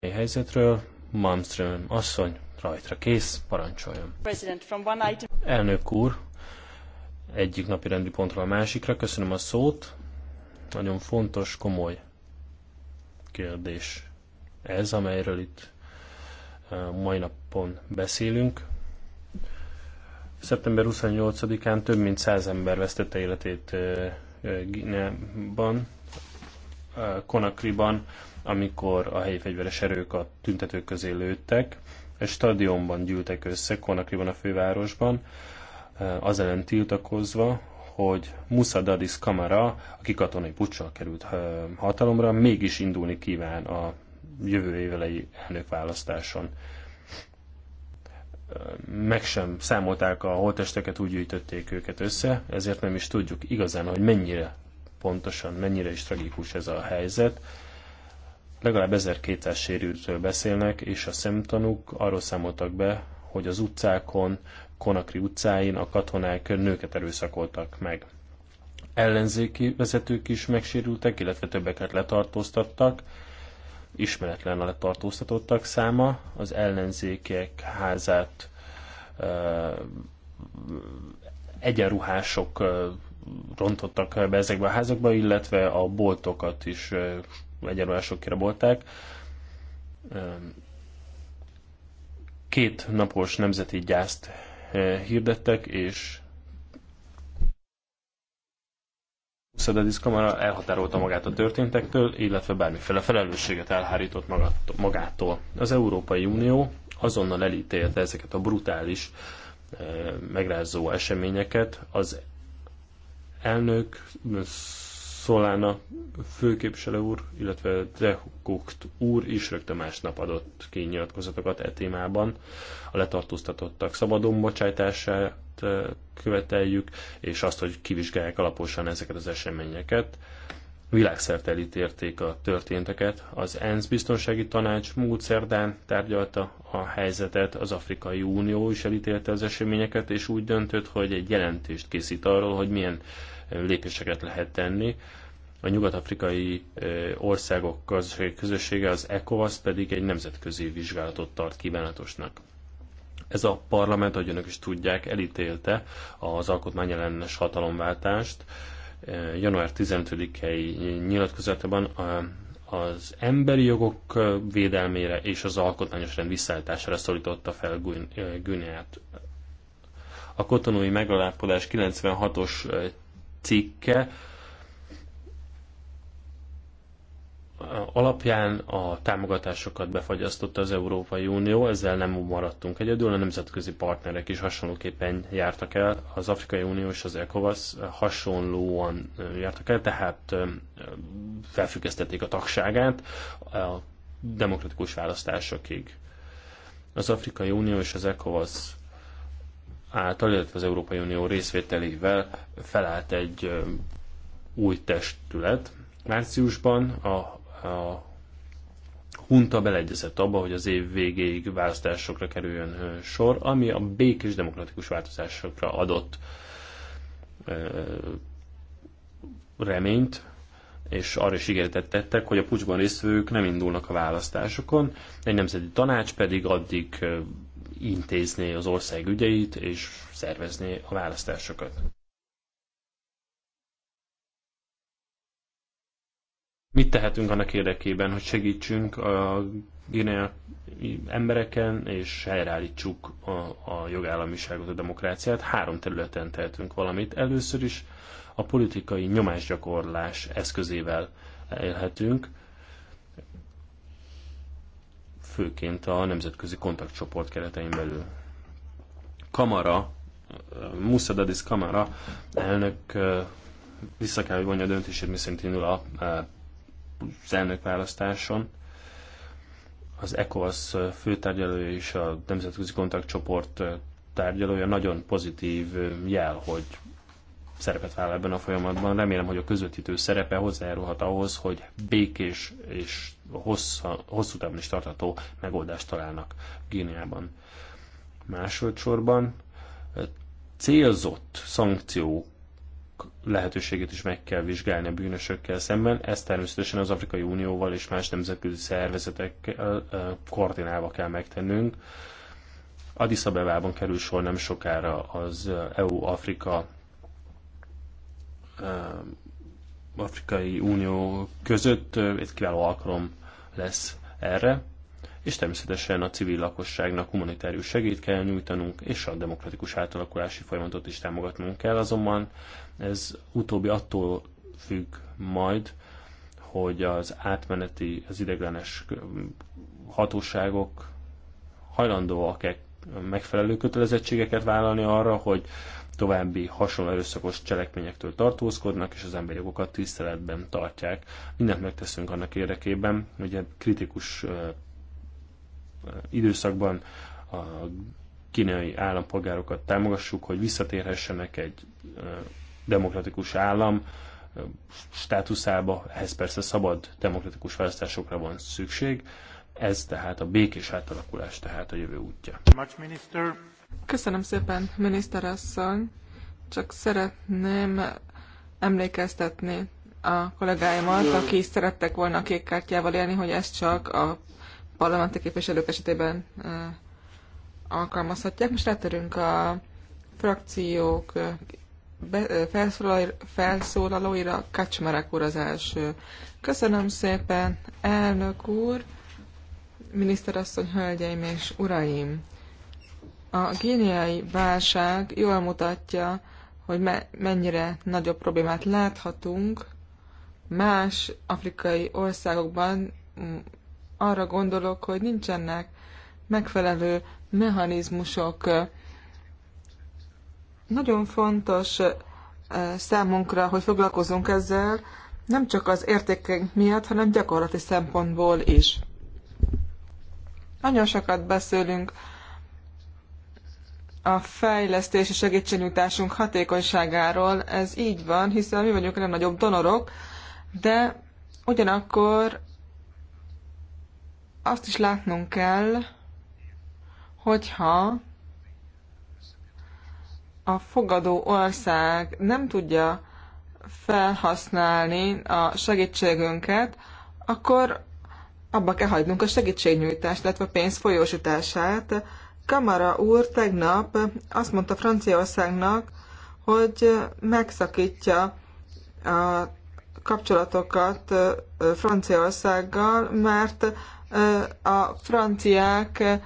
helyzetről. Malmström asszony, rajtra kész, parancsoljon. Elnök úr, egyik napi rendi pontról a másikra, köszönöm a szót. Nagyon fontos, komoly kérdés ez, amelyről itt mai napon beszélünk. Szeptember 28-án több mint 100 ember vesztette életét Gineában, Konakriban amikor a helyi fegyveres erők a tüntetők közé lőttek. Egy stadionban gyűltek össze, Konakriban a fővárosban, eh, az ellen tiltakozva, hogy Musa Dadis Kamara, aki katonai puccsal került eh, hatalomra, mégis indulni kíván a jövő évelei elnökválasztáson. Eh, meg sem számolták a holtesteket, úgy gyűjtötték őket össze, ezért nem is tudjuk igazán, hogy mennyire pontosan, mennyire is tragikus ez a helyzet legalább 1200 sérültről beszélnek, és a szemtanúk arról számoltak be, hogy az utcákon, Konakri utcáin a katonák nőket erőszakoltak meg. Ellenzéki vezetők is megsérültek, illetve többeket letartóztattak. Ismeretlen a letartóztatottak száma. Az ellenzékiek házát ö, egyenruhások ö, rontottak be ezekbe a házakba, illetve a boltokat is sok kirabolták. Két napos nemzeti gyászt hirdettek, és a kamara elhatárolta magát a történtektől, illetve bármiféle felelősséget elhárított magától. Az Európai Unió azonnal elítélte ezeket a brutális, megrázó eseményeket. Az elnök Szolána főképviselő úr, illetve Drehukukt úr is rögtön másnap adott ki nyilatkozatokat e témában. A letartóztatottak szabadon bocsájtását követeljük, és azt, hogy kivizsgálják alaposan ezeket az eseményeket világszerte elítérték a történteket. Az ENSZ biztonsági tanács múlt szerdán tárgyalta a helyzetet, az Afrikai Unió is elítélte az eseményeket, és úgy döntött, hogy egy jelentést készít arról, hogy milyen lépéseket lehet tenni. A nyugat-afrikai országok gazdasági közössége, az ECOWAS pedig egy nemzetközi vizsgálatot tart kívánatosnak. Ez a parlament, ahogy önök is tudják, elítélte az alkotmányellenes hatalomváltást, január 15-i nyilatkozatában az emberi jogok védelmére és az alkotmányos rend visszaállítására szólította fel Guineát. A kotonói megalapodás 96-os cikke alapján a támogatásokat befagyasztotta az Európai Unió, ezzel nem maradtunk egyedül, a nemzetközi partnerek is hasonlóképpen jártak el, az Afrikai Unió és az ECOWAS hasonlóan jártak el, tehát felfüggesztették a tagságát a demokratikus választásokig. Az Afrikai Unió és az ECOWAS által, illetve az Európai Unió részvételével felállt egy új testület, márciusban a a hunta beleegyezett abba, hogy az év végéig választásokra kerüljön sor, ami a békés demokratikus változásokra adott reményt, és arra is ígéretet tettek, hogy a pucsban résztvevők nem indulnak a választásokon, egy nemzeti tanács pedig addig intézné az ország ügyeit, és szervezné a választásokat. Mit tehetünk annak érdekében, hogy segítsünk a guinea embereken, és helyreállítsuk a, a jogállamiságot, a demokráciát. Három területen tehetünk valamit. Először is a politikai nyomásgyakorlás eszközével élhetünk, főként a nemzetközi kontaktcsoport keretein belül. Kamara, Dadis Kamara elnök vissza kell, hogy vonja a döntését, miszerint indul a az elnökválasztáson. Az ECOWAS főtárgyaló és a Nemzetközi Kontaktcsoport tárgyalója nagyon pozitív jel, hogy szerepet vállal ebben a folyamatban. Remélem, hogy a közvetítő szerepe hozzájárulhat ahhoz, hogy békés és hossza, hosszú távon is tartható megoldást találnak Géniában. Másodszorban célzott szankciók lehetőségét is meg kell vizsgálni a bűnösökkel szemben. Ezt természetesen az Afrikai Unióval és más nemzetközi szervezetekkel koordinálva kell megtennünk. Addis Abebában kerül sor nem sokára az EU-Afrika Afrikai Unió között. Egy kiváló alkalom lesz erre és természetesen a civil lakosságnak humanitárius segít kell nyújtanunk, és a demokratikus átalakulási folyamatot is támogatnunk kell. Azonban ez utóbbi attól függ majd, hogy az átmeneti, az ideglenes hatóságok hajlandóak-e megfelelő kötelezettségeket vállalni arra, hogy további hasonló erőszakos cselekményektől tartózkodnak, és az emberi jogokat tiszteletben tartják. Mindent megteszünk annak érdekében, hogy kritikus időszakban a kínai állampolgárokat támogassuk, hogy visszatérhessenek egy demokratikus állam státuszába, ehhez persze szabad demokratikus választásokra van szükség. Ez tehát a békés átalakulás, tehát a jövő útja. Köszönöm szépen, miniszterasszony. Csak szeretném emlékeztetni a kollégáimat, akik szerettek volna a kék kártyával élni, hogy ez csak a parlamenti képviselők esetében alkalmazhatják. Most rátérünk a frakciók felszólalóira Kacsmerek úr az első. Köszönöm szépen, elnök úr, miniszterasszony, hölgyeim és uraim! A géniai válság jól mutatja, hogy me- mennyire nagyobb problémát láthatunk más afrikai országokban, arra gondolok, hogy nincsenek megfelelő mechanizmusok. Nagyon fontos eh, számunkra, hogy foglalkozunk ezzel, nem csak az értékeink miatt, hanem gyakorlati szempontból is. Nagyon sokat beszélünk a fejlesztési segítségnyújtásunk hatékonyságáról. Ez így van, hiszen mi vagyunk a nagyobb donorok, de ugyanakkor azt is látnunk kell, hogyha a fogadó ország nem tudja felhasználni a segítségünket, akkor abba kell hagynunk a segítségnyújtást, illetve a pénz folyósítását. Kamara úr tegnap azt mondta Franciaországnak, hogy megszakítja a kapcsolatokat Franciaországgal, mert a franciák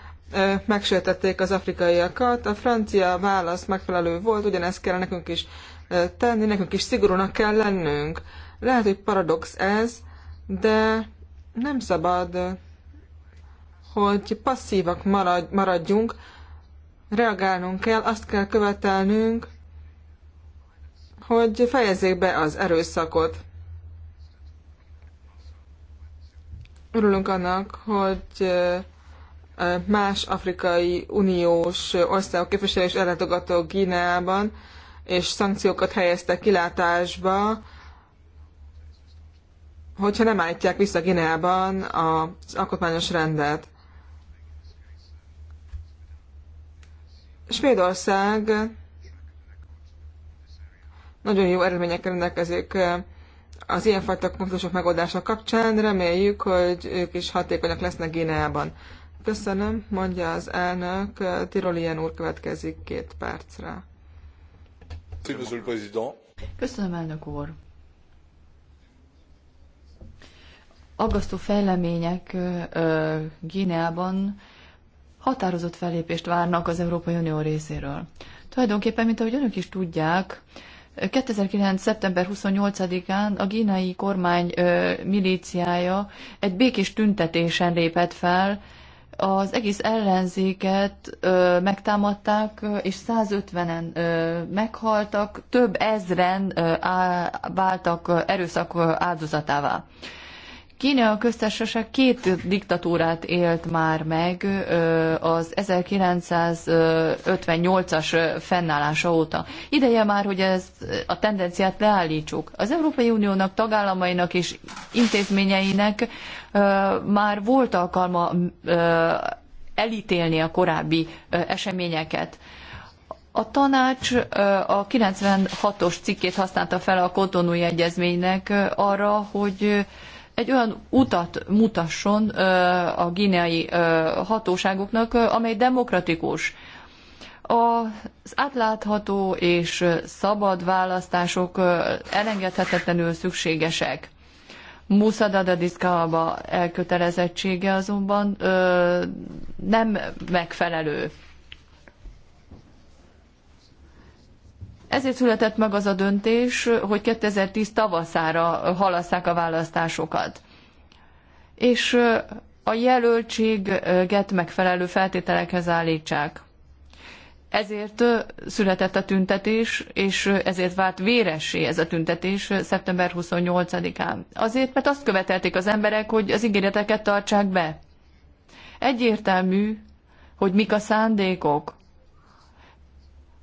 megsértették az afrikaiakat, a francia válasz megfelelő volt, ugyanezt kell nekünk is tenni, nekünk is szigorúnak kell lennünk. Lehet, hogy paradox ez, de nem szabad, hogy passzívak maradjunk, reagálnunk kell, azt kell követelnünk, hogy fejezzék be az erőszakot. Örülünk annak, hogy más afrikai uniós országok képviselő is ellátogató Gíneában, és szankciókat helyeztek kilátásba, hogyha nem állítják vissza Gineában az alkotmányos rendet. Svédország nagyon jó eredményekkel rendelkezik az ilyenfajta konfliktusok megoldása kapcsán. Reméljük, hogy ők is hatékonyak lesznek Gineában. Köszönöm, mondja az elnök. Tirolien úr következik két percre. Köszönöm, elnök úr. Aggasztó fejlemények Gineában határozott fellépést várnak az Európai Unió részéről. Tulajdonképpen, mint ahogy önök is tudják, 2009. szeptember 28-án a gínai kormány milíciája egy békés tüntetésen lépett fel, az egész ellenzéket ö, megtámadták, és 150-en ö, meghaltak, több ezren ö, á, váltak erőszak áldozatává. Kínea köztársaság két diktatúrát élt már meg az 1958-as fennállása óta. Ideje már, hogy ez a tendenciát leállítsuk. Az Európai Uniónak, tagállamainak és intézményeinek már volt alkalma elítélni a korábbi eseményeket. A tanács a 96-os cikkét használta fel a kotonúi egyezménynek arra, hogy egy olyan utat mutasson a gineai hatóságoknak, amely demokratikus. Az átlátható és szabad választások elengedhetetlenül szükségesek. Musa Dadadiszkába elkötelezettsége azonban ö, nem megfelelő. Ezért született meg az a döntés, hogy 2010 tavaszára halasszák a választásokat. És a jelöltséget megfelelő feltételekhez állítsák. Ezért született a tüntetés, és ezért vált véressé ez a tüntetés szeptember 28-án. Azért, mert azt követelték az emberek, hogy az ígéreteket tartsák be. Egyértelmű, hogy mik a szándékok,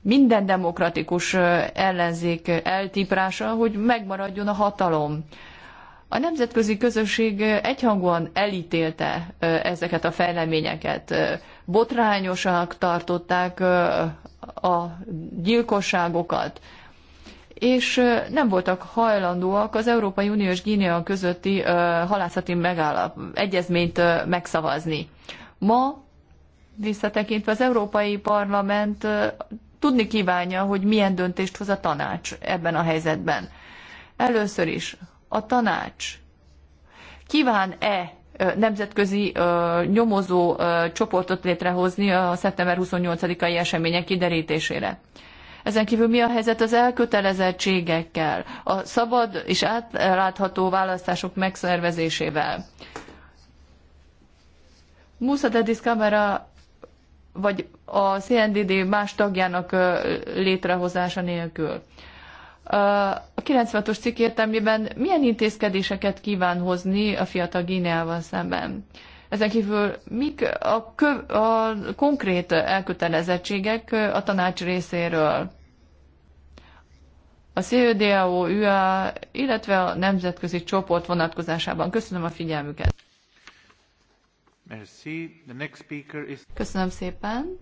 minden demokratikus ellenzék eltiprása, hogy megmaradjon a hatalom. A nemzetközi közösség egyhangúan elítélte ezeket a fejleményeket. Botrányosak tartották a gyilkosságokat, és nem voltak hajlandóak az Európai Unió és Guinea közötti halászati megállap, egyezményt megszavazni. Ma visszatekintve az Európai Parlament tudni kívánja, hogy milyen döntést hoz a tanács ebben a helyzetben. Először is a tanács kíván-e nemzetközi nyomozó csoportot létrehozni a szeptember 28-ai események kiderítésére. Ezen kívül mi a helyzet az elkötelezettségekkel, a szabad és átlátható választások megszervezésével? Musa Dedis Camera vagy a CNDD más tagjának létrehozása nélkül. A 96-os cikk értelmében milyen intézkedéseket kíván hozni a fiatal Gíneával szemben? Ezen kívül mik a, köv, a konkrét elkötelezettségek a tanács részéről? A CEDAO, UA, illetve a nemzetközi csoport vonatkozásában. Köszönöm a figyelmüket! Merci. The next speaker is... Köszönöm szépen.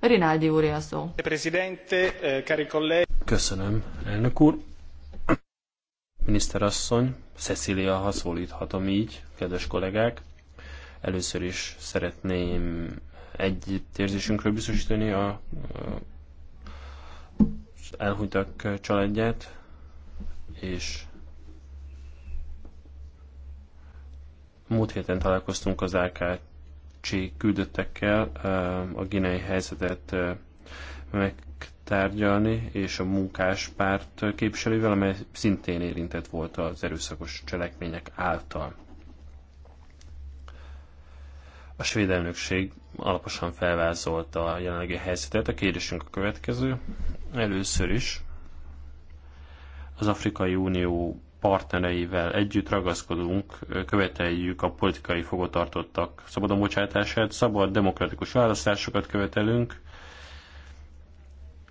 Rinaldi úr a szó. Eh, Köszönöm, elnök úr. Miniszterasszony, Cecilia, ha szólíthatom így, kedves kollégák. Először is szeretném együttérzésünkről biztosítani a, elhunytak családját, és Múlt héten találkoztunk az AKC küldöttekkel a ginei helyzetet megtárgyalni, és a munkáspárt képviselővel, amely szintén érintett volt az erőszakos cselekmények által. A svéd elnökség alaposan felvázolta a jelenlegi helyzetet. A kérdésünk a következő. Először is az Afrikai Unió partnereivel együtt ragaszkodunk, követeljük a politikai fogotartottak szabadon bocsátását, szabad demokratikus választásokat követelünk,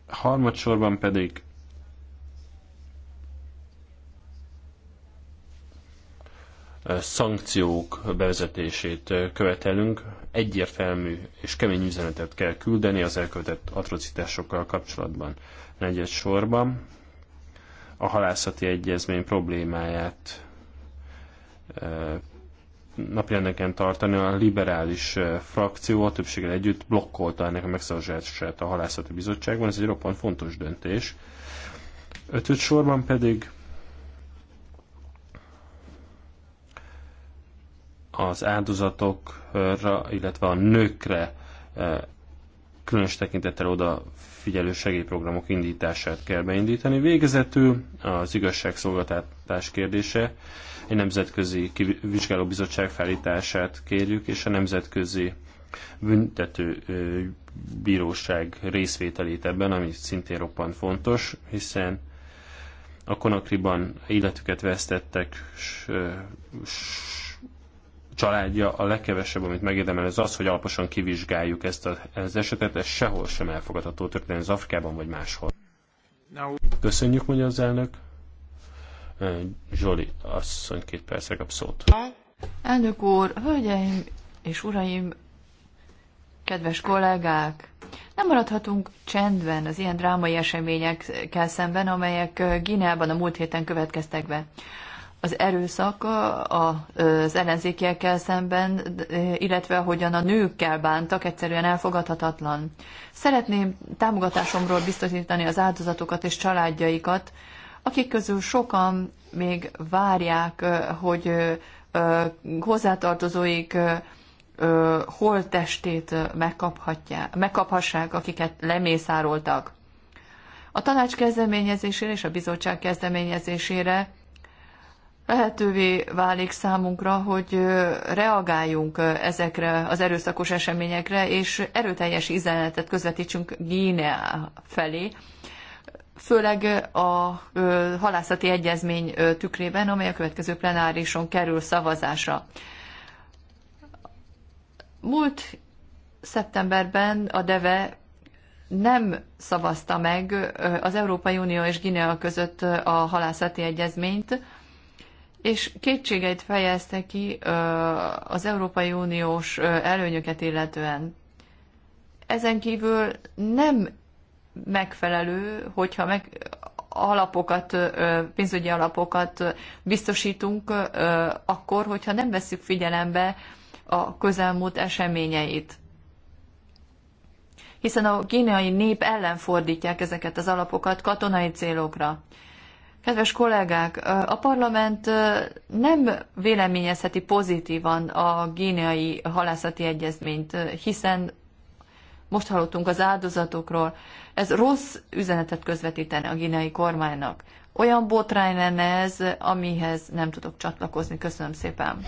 harmadsorban pedig szankciók bevezetését követelünk, egyértelmű és kemény üzenetet kell küldeni az elkövetett atrocitásokkal kapcsolatban. Negyed sorban a halászati egyezmény problémáját napirendeken tartani. A liberális frakció a többséggel együtt blokkolta ennek a megszavazását a halászati bizottságban. Ez egy roppant fontos döntés. Ötöt sorban pedig az áldozatokra, illetve a nőkre különös tekintettel oda figyelő segélyprogramok indítását kell beindítani. Végezetül az igazságszolgáltatás kérdése, egy nemzetközi vizsgálóbizottság felítását kérjük, és a nemzetközi büntető bíróság részvételét ebben, ami szintén roppant fontos, hiszen a Konakriban életüket vesztettek s, s, családja a legkevesebb, amit megérdemel, ez az, hogy alaposan kivizsgáljuk ezt a, az esetet, ez sehol sem elfogadható történet az Afrikában vagy máshol. Köszönjük, mondja az elnök. Zsoli asszony két percre kap szót. Elnök úr, hölgyeim és uraim, kedves kollégák! Nem maradhatunk csendben az ilyen drámai eseményekkel szemben, amelyek Gineában a múlt héten következtek be az erőszak az ellenzékiekkel szemben, e, illetve hogyan a nőkkel bántak, egyszerűen elfogadhatatlan. Szeretném támogatásomról biztosítani az áldozatokat és családjaikat, akik közül sokan még várják, e, hogy e, hozzátartozóik testét megkaphassák, akiket lemészároltak. A tanács kezdeményezésére és a bizottság kezdeményezésére lehetővé válik számunkra, hogy reagáljunk ezekre az erőszakos eseményekre, és erőteljes üzenetet közvetítsünk Guinea felé, főleg a halászati egyezmény tükrében, amely a következő plenárison kerül szavazásra. Múlt szeptemberben a DEVE nem szavazta meg az Európai Unió és Guinea között a halászati egyezményt, és kétségeit fejezte ki az Európai Uniós előnyöket illetően. Ezen kívül nem megfelelő, hogyha meg alapokat, pénzügyi alapokat biztosítunk akkor, hogyha nem veszük figyelembe a közelmúlt eseményeit. Hiszen a kínai nép ellen fordítják ezeket az alapokat katonai célokra. Kedves kollégák, a parlament nem véleményezheti pozitívan a géniai halászati egyezményt, hiszen most hallottunk az áldozatokról. Ez rossz üzenetet közvetítene a géniai kormánynak. Olyan botrány lenne ez, amihez nem tudok csatlakozni. Köszönöm szépen.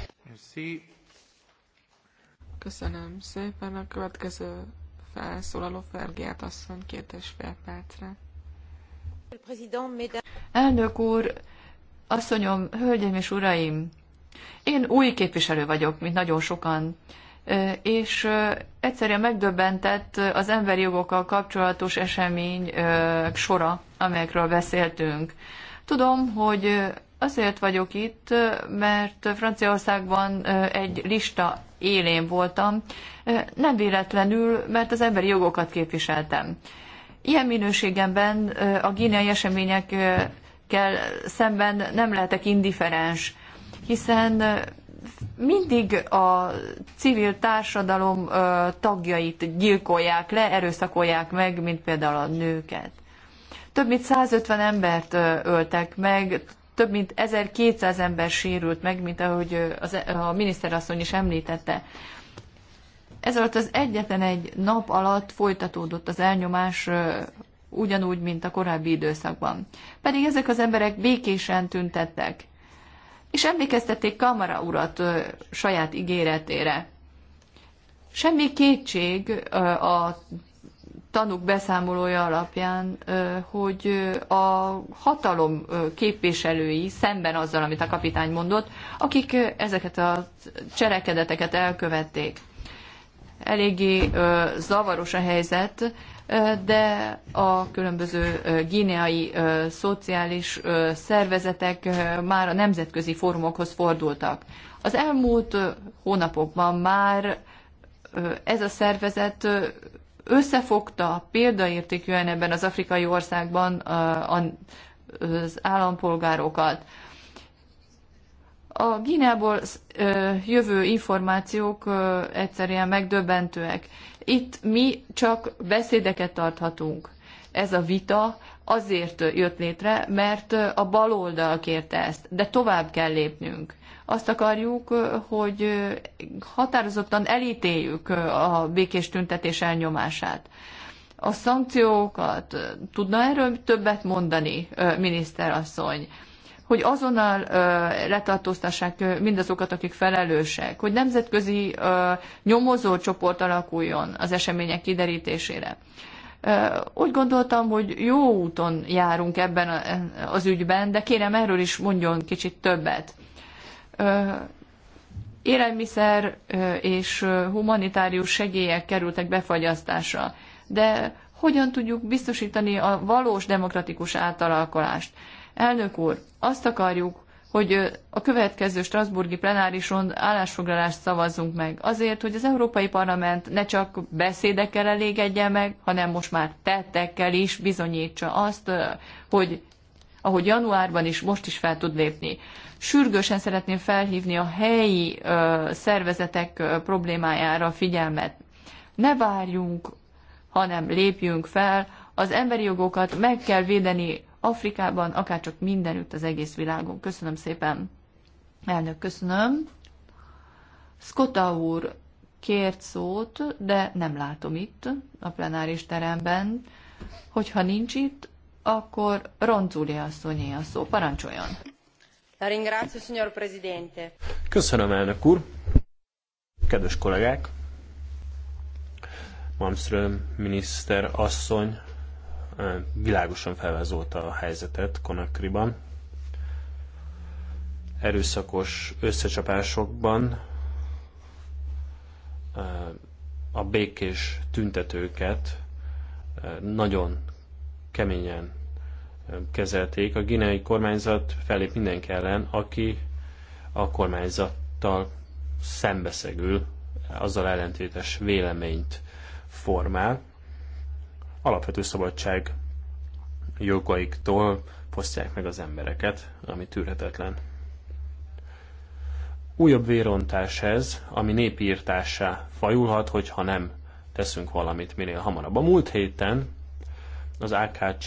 Köszönöm szépen. A következő felszólaló Fergiát asszony két és fél percre. Elnök úr, asszonyom, hölgyeim és uraim, én új képviselő vagyok, mint nagyon sokan, és egyszerűen megdöbbentett az emberi jogokkal kapcsolatos esemény sora, amelyekről beszéltünk. Tudom, hogy azért vagyok itt, mert Franciaországban egy lista élén voltam, nem véletlenül, mert az emberi jogokat képviseltem. Ilyen minőségemben a gíneai eseményekkel szemben nem lehetek indiferens, hiszen mindig a civil társadalom tagjait gyilkolják le, erőszakolják meg, mint például a nőket. Több mint 150 embert öltek meg, több mint 1200 ember sérült meg, mint ahogy az, e- a miniszterasszony is említette. Ez alatt az egyetlen egy nap alatt folytatódott az elnyomás ugyanúgy, mint a korábbi időszakban. Pedig ezek az emberek békésen tüntettek. És emlékeztették Kamara urat saját ígéretére. Semmi kétség a tanúk beszámolója alapján, hogy a hatalom képviselői szemben azzal, amit a kapitány mondott, akik ezeket a cselekedeteket elkövették eléggé zavaros a helyzet, de a különböző gíneai szociális szervezetek már a nemzetközi fórumokhoz fordultak. Az elmúlt hónapokban már ez a szervezet összefogta példaértékűen ebben az afrikai országban az állampolgárokat. A Gineából jövő információk egyszerűen megdöbbentőek. Itt mi csak beszédeket tarthatunk. Ez a vita azért jött létre, mert a baloldal kérte ezt, de tovább kell lépnünk. Azt akarjuk, hogy határozottan elítéljük a békés tüntetés elnyomását. A szankciókat tudna erről többet mondani, miniszterasszony? asszony? hogy azonnal letartóztassák mindazokat, akik felelősek, hogy nemzetközi nyomozó csoport alakuljon az események kiderítésére. Úgy gondoltam, hogy jó úton járunk ebben az ügyben, de kérem erről is mondjon kicsit többet. Élelmiszer és humanitárius segélyek kerültek befagyasztásra, de hogyan tudjuk biztosítani a valós demokratikus átalakulást? Elnök úr, azt akarjuk, hogy a következő Strasburgi plenárison állásfoglalást szavazzunk meg. Azért, hogy az Európai Parlament ne csak beszédekkel elégedje meg, hanem most már tettekkel is bizonyítsa azt, hogy ahogy januárban is, most is fel tud lépni. Sürgősen szeretném felhívni a helyi ö, szervezetek ö, problémájára a figyelmet. Ne várjunk, hanem lépjünk fel. Az emberi jogokat meg kell védeni Afrikában, akárcsak mindenütt az egész világon. Köszönöm szépen. Elnök, köszönöm. Skota úr kért szót, de nem látom itt a plenáris teremben. Hogyha nincs itt, akkor Roncúli asszonyé a szó. Parancsoljon! Köszönöm, elnök úr! Kedves kollégák! Malmström miniszter asszony világosan felvázolta a helyzetet Konakriban. Erőszakos összecsapásokban a békés tüntetőket nagyon keményen kezelték. A ginei kormányzat felép mindenki ellen, aki a kormányzattal szembeszegül, azzal ellentétes véleményt formál alapvető szabadság jogaiktól fosztják meg az embereket, ami tűrhetetlen. Újabb vérontás ez, ami népírtássá fajulhat, hogyha nem teszünk valamit minél hamarabb. A múlt héten az AKC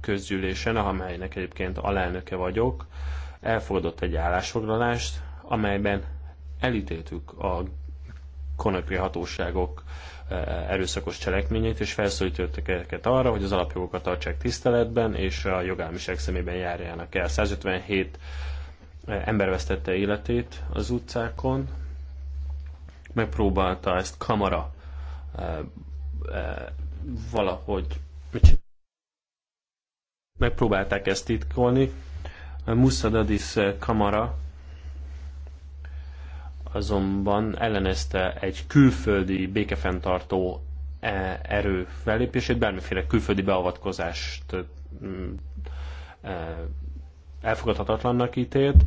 közgyűlésen, amelynek egyébként alelnöke vagyok, elfogadott egy állásfoglalást, amelyben elítéltük a konöpi hatóságok eh, erőszakos cselekményét, és felszólítottak ezeket arra, hogy az alapjogokat tartsák tiszteletben, és a jogállamiság szemében járjanak el. 157 eh, ember vesztette életét az utcákon, megpróbálta ezt kamara eh, valahogy megpróbálták ezt titkolni. Dadis kamara azonban ellenezte egy külföldi békefenntartó e, erő fellépését, bármiféle külföldi beavatkozást e, elfogadhatatlannak ítélt,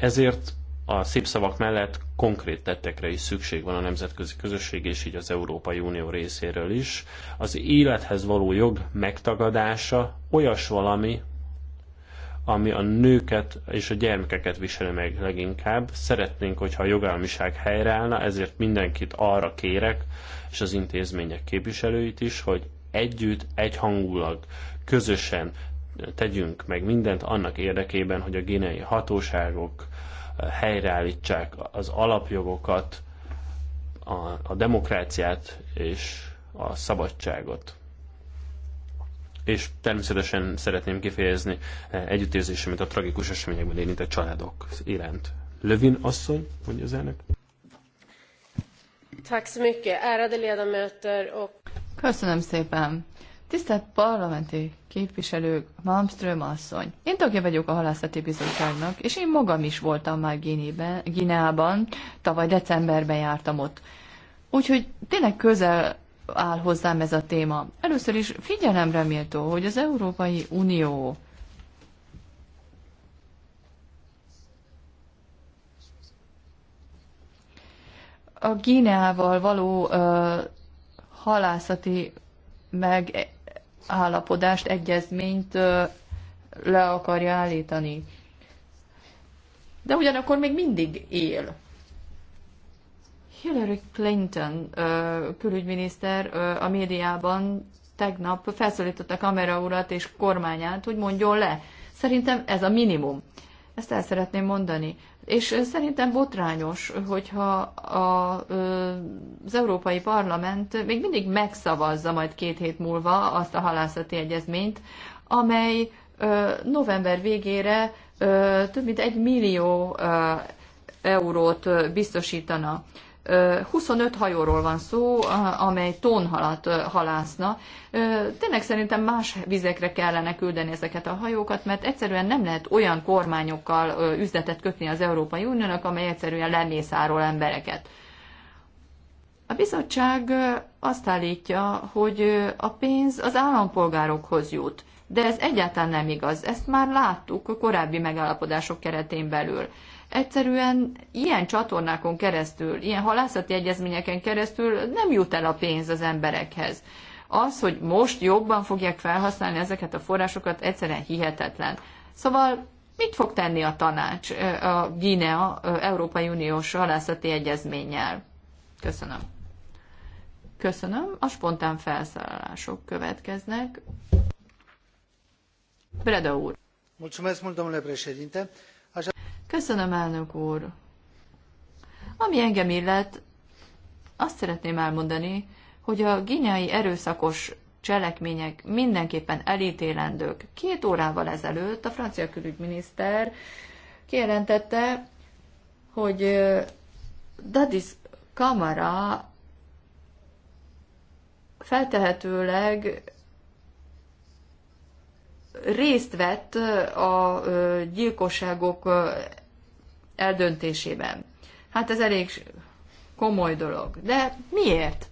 ezért a szép szavak mellett konkrét tettekre is szükség van a nemzetközi közösség és így az Európai Unió részéről is. Az élethez való jog megtagadása olyas valami, ami a nőket és a gyermekeket viseli meg leginkább. Szeretnénk, hogyha a jogállamiság helyreállna, ezért mindenkit arra kérek, és az intézmények képviselőit is, hogy együtt, egyhangulag, közösen tegyünk meg mindent annak érdekében, hogy a ginei hatóságok eh, helyreállítsák az alapjogokat, a, a demokráciát és a szabadságot és természetesen szeretném kifejezni eh, együttérzésemet a tragikus eseményekben érintett családok iránt. Lövin asszony, mondja az elnök. Köszönöm szépen. Tisztelt parlamenti képviselők, Malmström asszony. Én tagja vagyok a halászati bizottságnak, és én magam is voltam már Gineában, tavaly decemberben jártam ott. Úgyhogy tényleg közel áll hozzám ez a téma. Először is figyelemre méltó, hogy az Európai Unió a Gíneával való uh, halászati megállapodást, egyezményt ö, le akarja állítani. De ugyanakkor még mindig él Hillary Clinton külügyminiszter a médiában tegnap felszólította kamera urat és kormányát, hogy mondjon le. Szerintem ez a minimum. Ezt el szeretném mondani. És szerintem botrányos, hogyha a, az Európai Parlament még mindig megszavazza majd két hét múlva azt a halászati egyezményt, amely november végére több mint egy millió eurót biztosítana 25 hajóról van szó, amely tonhalat halászna. Tényleg szerintem más vizekre kellene küldeni ezeket a hajókat, mert egyszerűen nem lehet olyan kormányokkal üzletet kötni az Európai Uniónak, amely egyszerűen lemészárol embereket. A bizottság azt állítja, hogy a pénz az állampolgárokhoz jut, de ez egyáltalán nem igaz. Ezt már láttuk a korábbi megállapodások keretén belül egyszerűen ilyen csatornákon keresztül, ilyen halászati egyezményeken keresztül nem jut el a pénz az emberekhez. Az, hogy most jobban fogják felhasználni ezeket a forrásokat, egyszerűen hihetetlen. Szóval mit fog tenni a tanács a Guinea Európai Uniós halászati egyezménnyel? Köszönöm. Köszönöm. A spontán felszállások következnek. Breda úr. Mulțumesc mult, domnule președinte Köszönöm, elnök úr. Ami engem illet, azt szeretném elmondani, hogy a ginyai erőszakos cselekmények mindenképpen elítélendők. Két órával ezelőtt a francia külügyminiszter kijelentette, hogy Dadis Kamara feltehetőleg részt vett a gyilkosságok eldöntésében. Hát ez elég komoly dolog. De miért?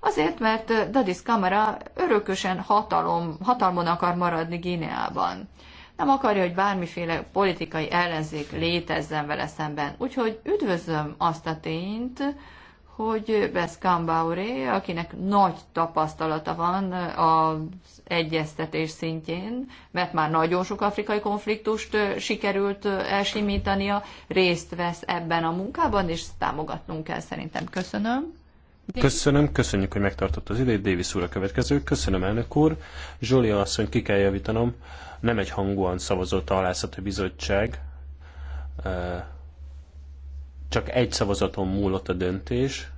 Azért, mert Dadis Kamara örökösen hatalom, hatalmon akar maradni Gineában. Nem akarja, hogy bármiféle politikai ellenzék létezzen vele szemben. Úgyhogy üdvözlöm azt a tényt, hogy Kambauré, akinek nagy tapasztalata van az egyeztetés szintjén, mert már nagyon sok afrikai konfliktust sikerült elsimítania, részt vesz ebben a munkában, és támogatnunk kell szerintem. Köszönöm. Köszönöm, köszönjük, hogy megtartott az időt Davis úr a következő. Köszönöm, elnök úr. Zsolia asszony, ki kell javítanom. Nem egy hangúan szavazott a halászati bizottság csak egy szavazaton múlott a döntés,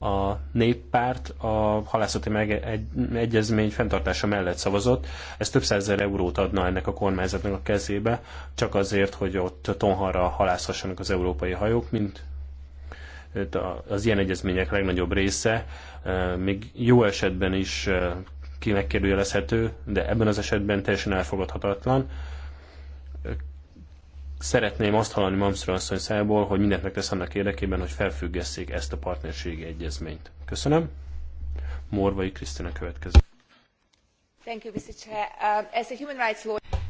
a néppárt a halászati egyezmény fenntartása mellett szavazott. Ez több százezer eurót adna ennek a kormányzatnak a kezébe, csak azért, hogy ott tonhalra halászhassanak az európai hajók, mint az ilyen egyezmények legnagyobb része, még jó esetben is ki megkérdőjelezhető, de ebben az esetben teljesen elfogadhatatlan szeretném azt hallani Malmström asszony szájából, hogy mindent megtesz annak érdekében, hogy felfüggesszék ezt a partnerségi egyezményt. Köszönöm. Morvai Krisztina következő. Uh,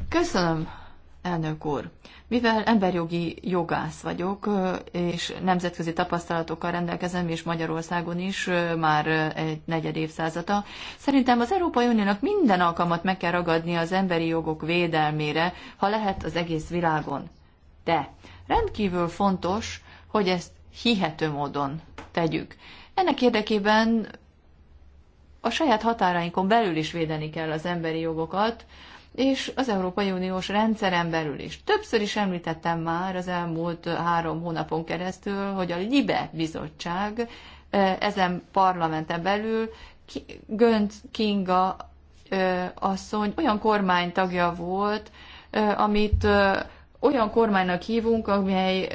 Köszönöm, elnök úr. Mivel emberjogi jogász vagyok, uh, és nemzetközi tapasztalatokkal rendelkezem, és Magyarországon is uh, már egy negyed évszázada, szerintem az Európai Uniónak minden alkalmat meg kell ragadni az emberi jogok védelmére, ha lehet az egész világon. De rendkívül fontos, hogy ezt hihető módon tegyük. Ennek érdekében a saját határainkon belül is védeni kell az emberi jogokat, és az Európai Uniós rendszeren belül is. Többször is említettem már az elmúlt három hónapon keresztül, hogy a LIBE bizottság ezen parlamenten belül Gönc Kinga asszony olyan kormánytagja volt, amit olyan kormánynak hívunk, amely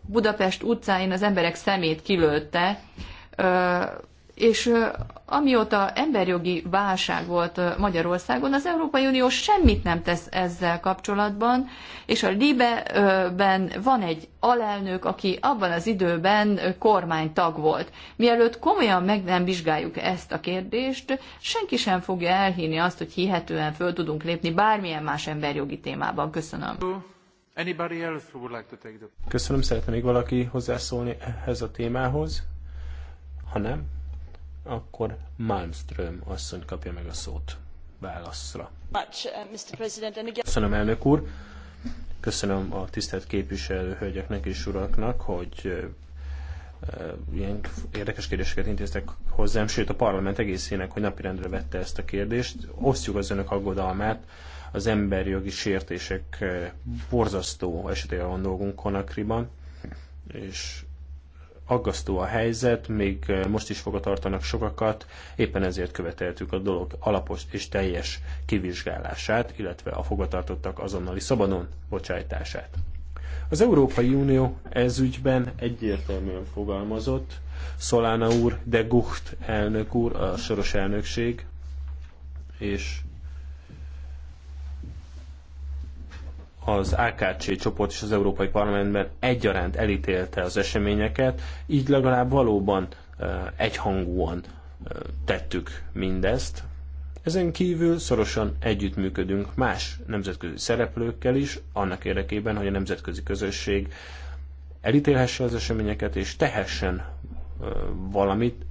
Budapest utcáin az emberek szemét kilőtte, és amióta emberjogi válság volt Magyarországon, az Európai Unió semmit nem tesz ezzel kapcsolatban, és a Libe-ben van egy alelnök, aki abban az időben kormánytag volt. Mielőtt komolyan meg nem vizsgáljuk ezt a kérdést, senki sem fogja elhinni azt, hogy hihetően föl tudunk lépni bármilyen más emberjogi témában. Köszönöm. Anybody else who would like to take the... Köszönöm, szeretne még valaki hozzászólni ehhez a témához? Ha nem, akkor Malmström asszony kapja meg a szót válaszra. Uh, Köszönöm, elnök úr. Köszönöm a tisztelt képviselő hölgyeknek és uraknak, hogy uh, uh, ilyen érdekes kérdéseket intéztek hozzám, sőt a parlament egészének, hogy napirendre vette ezt a kérdést. Osztjuk az önök aggodalmát az emberjogi sértések eh, borzasztó esetében van dolgunk Konakriban, és aggasztó a helyzet, még eh, most is fogatartanak sokakat, éppen ezért követeltük a dolog alapos és teljes kivizsgálását, illetve a fogatartottak azonnali szabadon bocsájtását. Az Európai Unió ez ügyben egyértelműen fogalmazott, Solana úr, de Gucht elnök úr, a soros elnökség, és az AKC csoport és az Európai Parlamentben egyaránt elítélte az eseményeket, így legalább valóban egyhangúan tettük mindezt. Ezen kívül szorosan együttműködünk más nemzetközi szereplőkkel is, annak érdekében, hogy a nemzetközi közösség elítélhesse az eseményeket és tehessen valamit,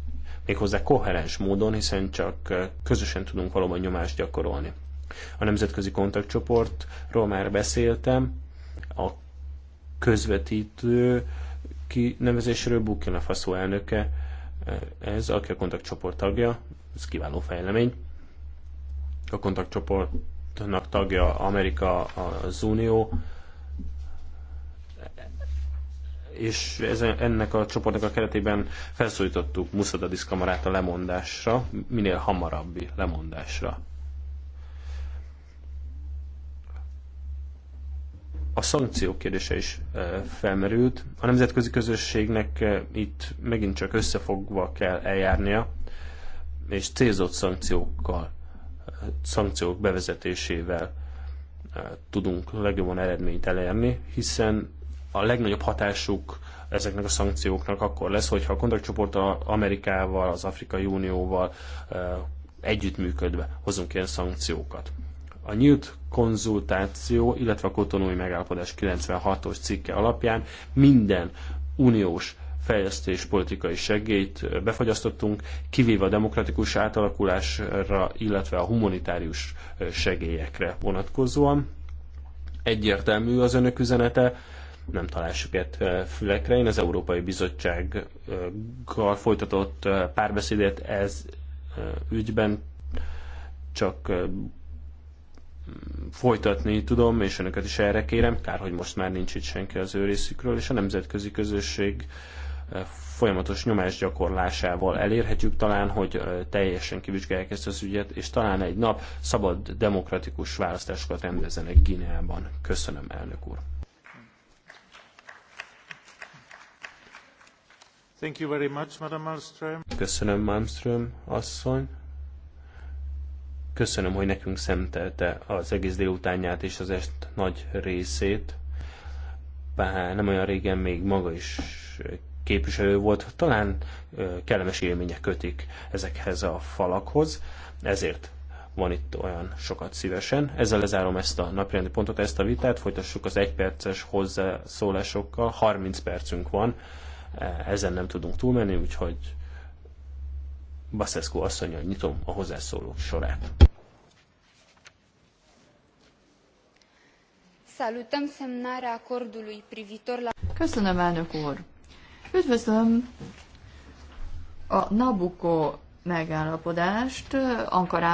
méghozzá koherens módon, hiszen csak közösen tudunk valóban nyomást gyakorolni. A nemzetközi kontaktcsoportról már beszéltem, a közvetítő kinevezésről Bukina Faszó elnöke, eh, ez, aki a kontaktcsoport tagja, ez kiváló fejlemény. A kontaktcsoportnak tagja Amerika, az Unió, és ezen, ennek a csoportnak a keretében felszólítottuk Muszadadisz kamarát a lemondásra, minél hamarabbi lemondásra. a szankciók kérdése is eh, felmerült. A nemzetközi közösségnek eh, itt megint csak összefogva kell eljárnia, és célzott szankciókkal, eh, szankciók bevezetésével tudunk legjobban eredményt elérni, hiszen a legnagyobb hatásuk ezeknek a szankcióknak akkor lesz, hogyha a kontaktcsoport a Amerikával, az Afrikai Unióval együttműködve hozunk ilyen szankciókat a nyílt konzultáció, illetve a kotonói megállapodás 96-os cikke alapján minden uniós fejlesztés politikai segélyt befagyasztottunk, kivéve a demokratikus átalakulásra, illetve a humanitárius segélyekre vonatkozóan. Egyértelmű az önök üzenete, nem talál süket fülekre. Én az Európai Bizottsággal folytatott párbeszédet ez ügyben csak folytatni tudom, és önöket is erre kérem, kár, hogy most már nincs itt senki az ő részükről, és a nemzetközi közösség eh, folyamatos nyomás gyakorlásával elérhetjük talán, hogy eh, teljesen kivizsgálják ezt az ügyet, és talán egy nap szabad demokratikus választásokat rendezzenek Gineában. Köszönöm, elnök úr. Thank you very much, Madam Malmström. Köszönöm, Malmström asszony. Köszönöm, hogy nekünk szemtelte az egész délutánját és az est nagy részét. Bár nem olyan régen még maga is képviselő volt, talán kellemes élmények kötik ezekhez a falakhoz, ezért van itt olyan sokat szívesen. Ezzel lezárom ezt a napirendi pontot, ezt a vitát, folytassuk az egyperces hozzászólásokkal, 30 percünk van, e, ezen nem tudunk túlmenni, úgyhogy Baszeszkó asszonyjal nyitom a hozzászólók sorát. Salutăm semnarea acordului privitor la... Köszönöm, elnök úr! Üdvözlöm a Nabucco megállapodást Ankarában.